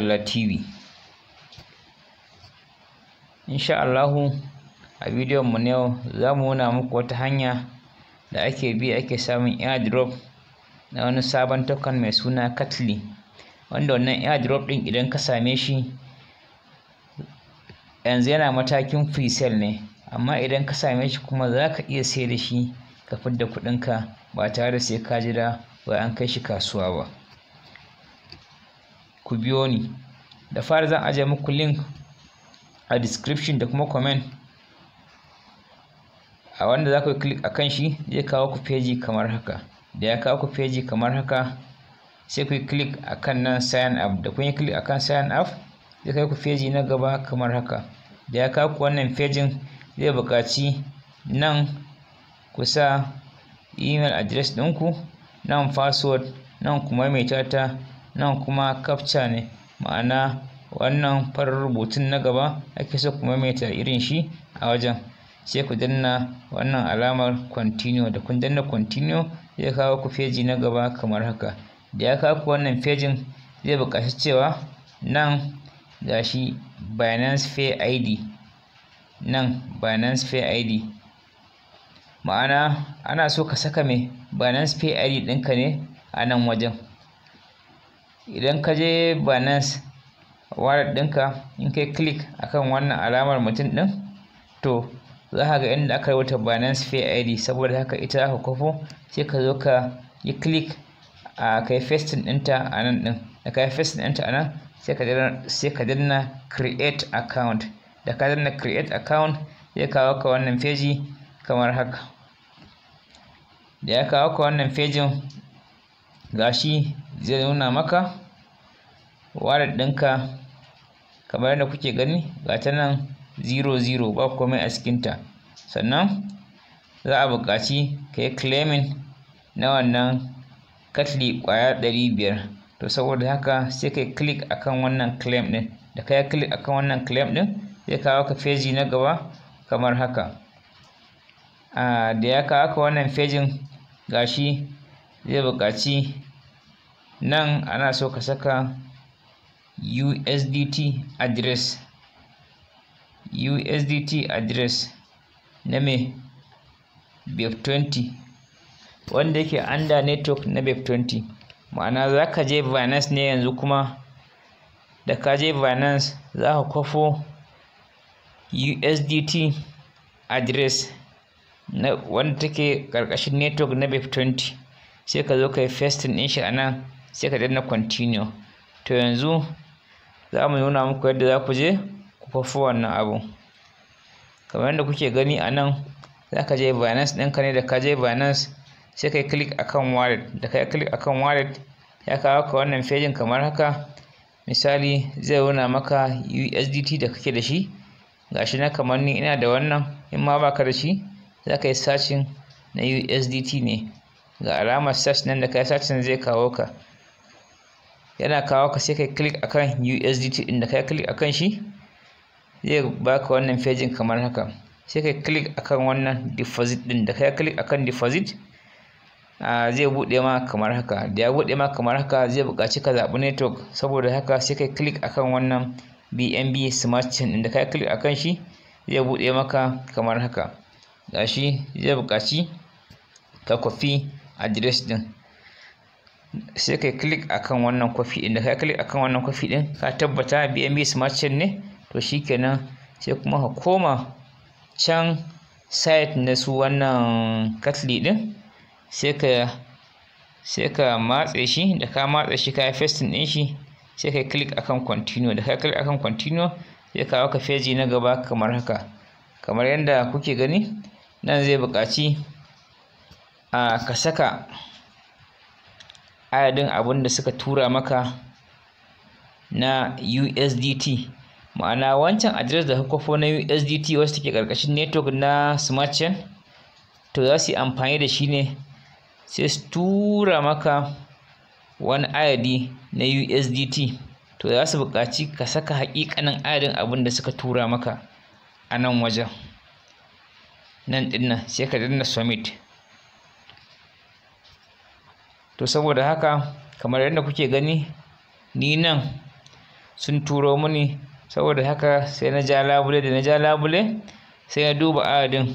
Allah TV insha Allahu a bidiyon mu na yau za mu nuna muku wata hanya da ake bi ake samun airdrop na wani sabon token mai suna Katli wanda wannan airdrop din idan ka same shi yanzu yana matakin free sale ne amma idan ka same shi kuma za ka iya sai da shi ka fidda kuɗinka ba tare da sai ka jira ba an kai shi kasuwa ba ku biyo ni da fara zan ajiye muku link a description da kuma comment a wanda za ku click akan shi zai kawo ku feji kamar haka da ya kawo ku page kamar haka sai ku click akan nan sign up da kun yi click akan sign up zai kai ku feji na gaba kamar haka da ya kawo ku wannan fejin zai bukaci nan ku sa email address ɗinku nan password nan kuma mai tata nan kuma kafca ne ma'ana wannan farar rubutun na gaba ake so kuma maimaita irin shi a wajen sai ku danna wannan alamar continue da kun danna continue zai kawo ku feji na gaba kamar haka da ya kawo ku wannan fejin zai buƙaci cewa nan ga shi binance fair id nan binance fair id ma'ana ana so ka saka mai binance fair id ɗinka ne a nan wajen idan ka je binance wallet ɗinka in kai click akan wannan alamar mutum ɗin to za ka ga inda aka rubuta binance fair id saboda haka ita aka kofo sai ka zo ka yi click a kai pasting ɗinta a nan ɗin da ka yi pasting ɗinta a nan sai ka danna create account da ka danna create account zai kawo ka wannan feji kamar haka da ya kawo ka wannan fejin gashi zai nuna maka wallet ɗinka kamar yadda kuke gani ga ta nan 00 ba komai a cikinta sannan za a buƙaci ka yi claiming na wannan katli ƙwaya 500 to saboda haka sai kai click akan wannan claim ɗin da ka yi click akan wannan claim ɗin zai kawo ka feji na gaba kamar haka ah, da ya kawo ka wannan fejin gashi zai buƙaci nan ana so ka saka USDT address USDT address na me BEP20 wanda yake under network na BEP20 ma'ana za ka je Binance ne yanzu kuma da ka je Binance za ka kwafo USDT address na wanda take ƙarƙashin network na BEP20 sai ka zo ka yi ɗin shi anan sai ka danna continue to yanzu za mu nuna muku yadda za ku je ku kwafi wannan abu kamar yadda kuke gani anan nan za ka je binance ɗinka ne da ka je binance sai ka yi click akan wallet da ka yi click akan wallet ya kawo ka wannan fejin kamar haka misali zai nuna maka USDT da kake da shi gashi na kamar ni ina da wannan in ma baka da shi za ka yi searching na USDT ne ga alamar search nan da kai search zai kawo ka yana kawo ka sai kai click akan USDT da kai click akan shi zai baka wannan page kamar haka sai kai click akan wannan deposit din da kai click akan deposit zai buɗe ma kamar haka da ya buɗe ma kamar haka zai buƙaci ka zaɓi network saboda haka sai kai click akan wannan BNB smart chain inda kai click akan shi zai buɗe maka kamar haka gashi zai buƙaci ka kwafi address din sai kai click akan wannan kwafi din da kai click akan wannan kwafi din ka tabbata BNB smart chain ne to shikenan sai kuma ka koma can site na su wannan katli din sai ka sai ka matse shi da ka matse shi ka yi din shi sai ka click akan continue da ka click akan continue sai kawo ka feji na gaba kamar haka kamar yadda kuke gani nan zai bukaci. a ka saka adadin abin da suka tura maka na USDT ma'ana wancan address da kuka na USDT wacce take karkashin network na smart chain to za su yi amfani da shi ne sai su tura maka wani adadi na USDT to za su buƙaci ka saka haƙiƙanin adadin abin da suka tura maka a nan wajen nan ɗin sai ka danna submit to saboda haka kamar yadda kuke gani ni nan sun turo mini saboda haka sai na ja labule da na ja labule sai na duba adadin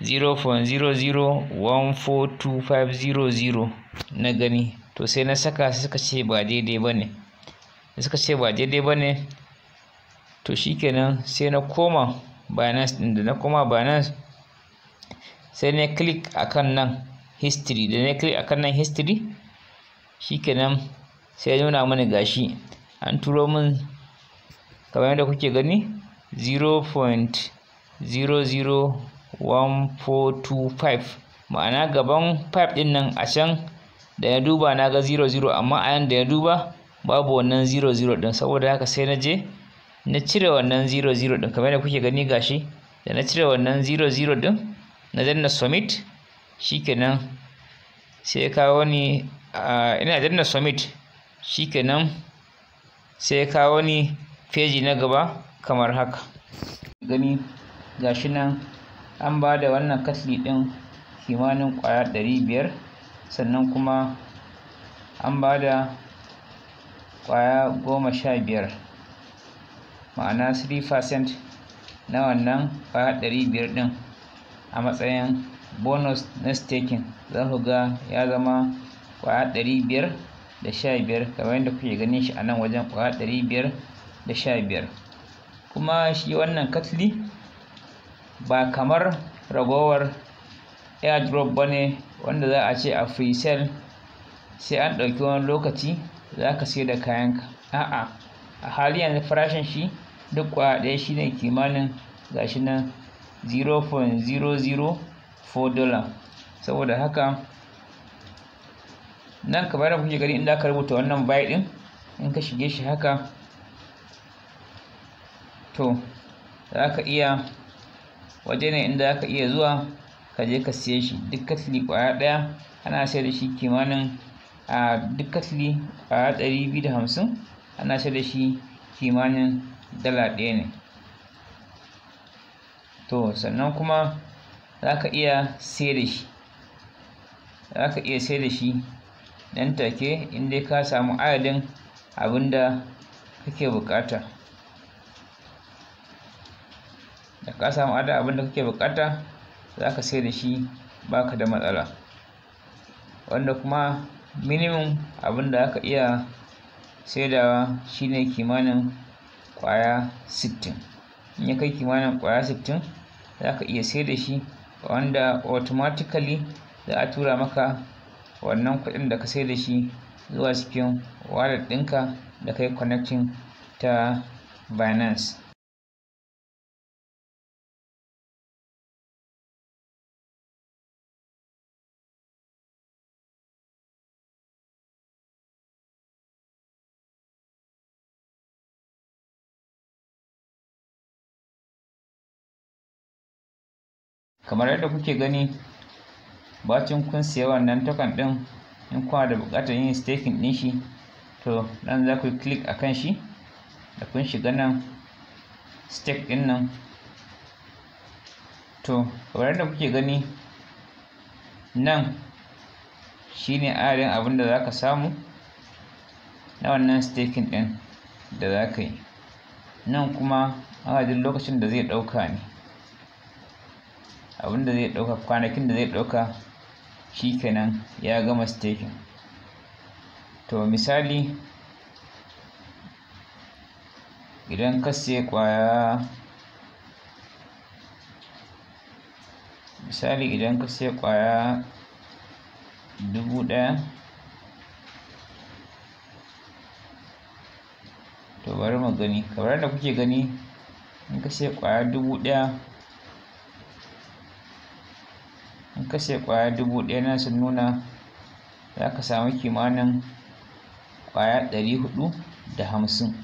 0.00142500 na gani to sai na saka sai suka ce ba daidai ba ne suka ce ba daidai ba ne to shikenan sai na koma binance din da na koma binance sai na click akan nan history da na click akan nan history shikenan sai ya nuna mana gashi an turo min kamar yadda kuke gani 0.001425 ma'ana gaban 5 din nan a can da ya duba na ga 00 amma a yan da ya duba babu wannan 00 din saboda haka sai na je na cire wannan 00 din kamar yadda kuke gani gashi da na cire wannan 00 din na danna submit shikenan sai ya kawo ni ina danna submit shikenan sai ya kawo ni feji na gaba kamar haka gani gashi nan an ba da wannan katli din kimanin kwaya 500 biyar sannan kuma an ba da kwaya goma sha biyar ma'ana 3% na wannan kwaya 500 biyar a matsayin bonus na staking za ku ga ya zama kwaya ɗari biyar da sha biyar kamar yadda kuke ganin shi a nan wajen kwaya ɗari biyar da sha biyar kuma shi wannan katli ba kamar ragowar airdrop ba ne wanda za a ce a free sale sai an ɗauki wani lokaci za ka sai da kayanka a'a a hali yanzu farashin shi duk kwaya ɗaya shine kimanin gashi nan 0.00 $4 saboda haka nan bayar da kuke gani inda aka rubuta wannan buy din in ka shige shi haka to za ka iya waje ne inda zaka ka iya zuwa ka je ka siye shi duk katli kwaya ɗaya ana sayar da shi kimanin a duk katli kwaya ɗari biyu da hamsin ana sayar da shi kimanin dala ɗaya ne to sannan kuma zaka iya saida shi zaka iya saida shi nan take inda ka samu adadin abinda kake bukata da ka samu adadin abinda kake bukata zaka saida shi baka da matsala wanda kuma minimum abinda zaka iya saidawa shine kimanin kwaya 60 in ya kai kimanin kwaya 60 zaka iya saida shi wanda automatically za a tura maka wannan kuɗin da ka sai da shi zuwa cikin wallet ɗinka da kai connecting ta Binance kamar yadda kuke gani bacin kun siya wannan token din in kuna da bukatar yin staking din shi to nan za ku click akan shi da kun shiga nan stake din nan to kamar yadda kuke gani nan shine adadin abin da za ka samu na wannan staking din da za ka yi nan kuma adadin lokacin da zai ɗauka ne abin da zai ɗauka kwanakin da zai ɗauka shi kenan ya gama staking to misali idan ka sai kwaya misali idan ka sai kwaya dubu ɗaya to bari mu gani kamar da kuke gani in ka sai kwaya dubu ɗaya an ka kwaya ƙwaya dubu ɗaya na sun nuna za ka samu kimanin kwaya ɗari hudu da hamsin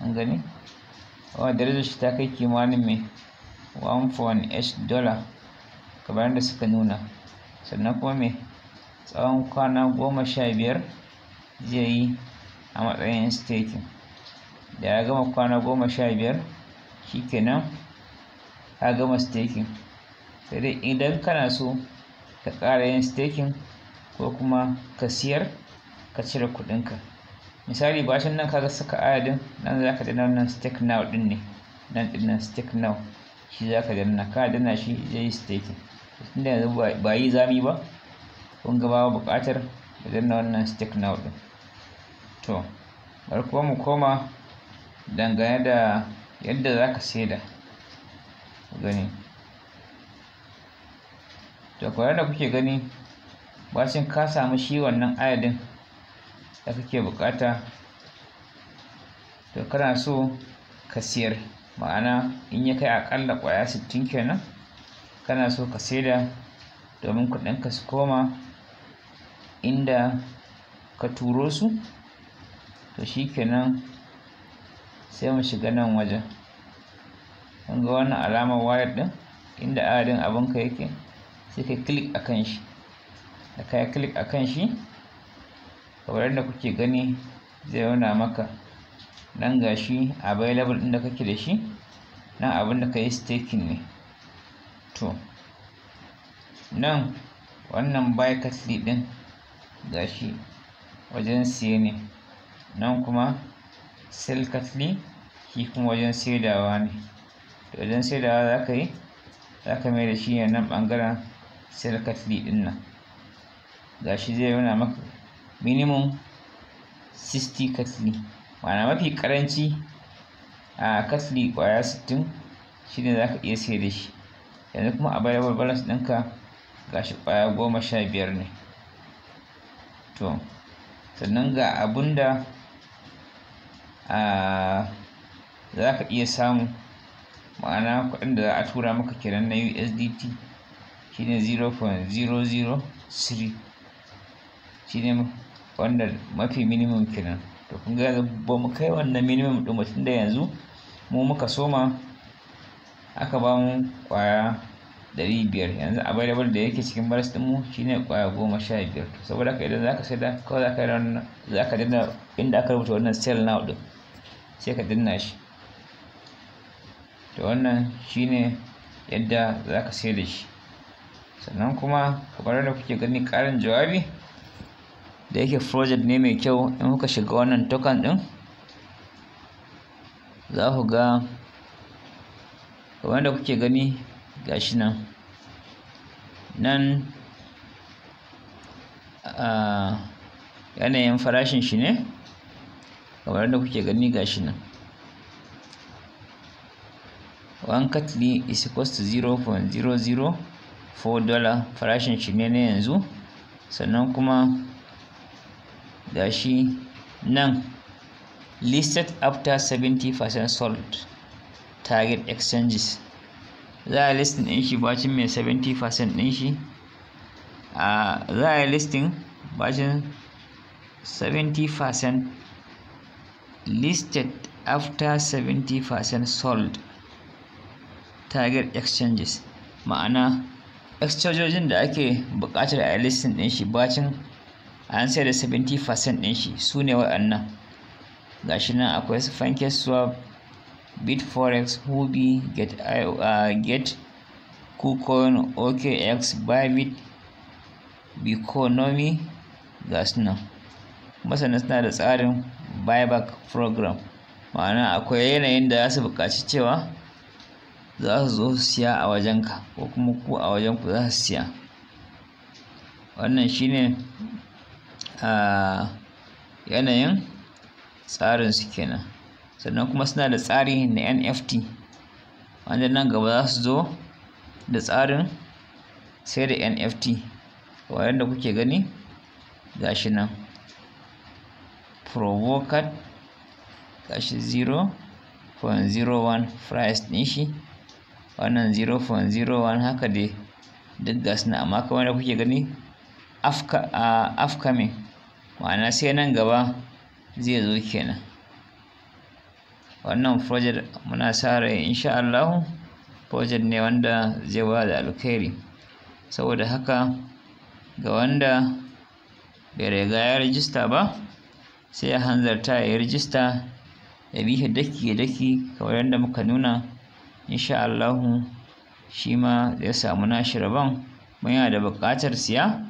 an gani da darajar shi ta kai kimanin mai 1.8 dollar kamar da suka nuna sannan kuma mai tsawon kwana goma sha biyar zai yi a matsayin staking da ya gama kwana goma sha biyar shikenan ya gama staking sai dai idan kana so ka ƙara yin staking ko kuma ka siyar ka cire kuɗinka misali bashin nan kaga saka adadin nan za ka danna nan stake now ɗin ne nan ɗin nan stake now shi za ka nan ka na shi zai yi staking tunda yanzu ba yi zami ba kun gaba babu buƙatar ka danna wannan stake now ɗin to bari kuma mu koma dangane da yadda za ka saida gani to kwayar da kuke gani bashin ka samu shi wannan adadin da kake bukata to kana so ka siyar ma'ana in ya kai akalla kwaya 60 kenan kana so ka saida domin kuɗinka su koma inda ka turo su to kenan sai mu shiga nan wajen kun ga wannan alamar wayar ɗin inda adadin abinka yake sai kai click akan shi da kai click akan shi kamar yadda kuke gani zai nuna maka nan gashi available din da kake da shi nan abin da kai staking ne to nan wannan buy cutly din gashi wajen siye ne nan kuma sell cutly shi kuma wajen saidawa ne to wajen saidawa za ka yi za ka mai da shi ne nan bangaren circuitry din nan gashi zai nuna maka minimum 60 katli, ma'ana mafi karanci a katli kwaya 60 shine zaka ka iya sai da shi yanzu kuma a available balance ɗinka gashi kwaya goma sha biyar ne to sannan ga abunda a za iya samu ma'ana kuɗin da za a tura maka kenan na USDT shine 0.003 shine wanda mafi minimum kenan to kun ga ba mu kai wannan minimum din mutum da yanzu mu muka soma aka ba mu kwaya 500 yanzu available da yake cikin baras din mu shine kwaya 15 saboda haka idan zaka sai da kawai zaka yi wannan zaka dinna inda aka rubuta wannan sell now din sai ka dinna shi to wannan shine yadda zaka sai da shi sannan kuma kamar da kuke gani ƙarin jawabi da yake project ne mai kyau in kuka shiga wannan token ɗin za ku ga kamar da kuke gani gashi nan nan a yanayin farashin shi ne kamar da kuke gani gashi nan 1 cutly is equals to 0.00 $4 dola farashin shi ne na yanzu sannan kuma shi nan listed after 70% sold target exchanges za a listing din shi bacin mai 70% din shi a za a listing bacin 70% listed after 70% sold target exchanges ma'ana exchangeojin da ake buƙatar a listin ɗin shi bacin an sai da 70% ɗin shi su ne waɗannan shi nan akwai su swap bitforex hubi get, uh, get kucoin okx bybit bikonomi ga su nan masana suna da tsarin buyback program ma'ana akwai yanayin da za su buƙaci cewa za su zo su siya a wajenka ko kuma ku a wajenku za su siya wannan shine a yanayin tsarin su kenan sannan kuma suna da tsari na nft wanda nan gaba za su zo da tsarin sai da nft wayan da kuke gani gashi nan provocat gashi 0.01 price ɗin shi wannan 0.01 haka dai duk ga suna amma kamar da kuke gani a afkamin ma'ana sai nan gaba zai zo kenan wannan project muna sa rai insha Allah project ne wanda zai ba da alkhairi saboda haka ga wanda bai riga ya rijista ba sai ya hanzarta ya rijista ya bi daki-daki kamar yadda muka nuna insha Allahu shi ma zai samu nashi rabon kuma yana da buƙatar siya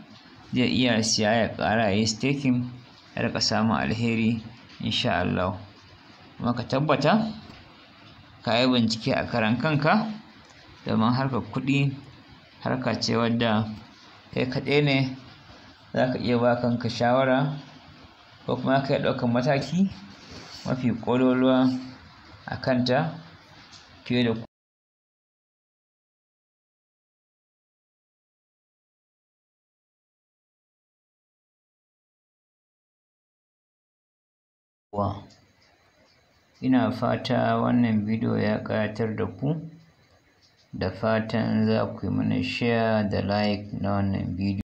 zai iya siya ya ƙara yayi yi staking ya rika samun alheri insha Allahu kuma ka tabbata ka yi bincike a karan kanka domin harkar kuɗi harka ce wadda kai kaɗai ne za ka iya ba kanka shawara ko kuma ka yi ɗaukan mataki mafi ƙololuwa a kanta fiye da Ina fata wannan bidiyo ya ƙayatar da ku, da fatan za ku yi mana share da like na wannan bidiyo.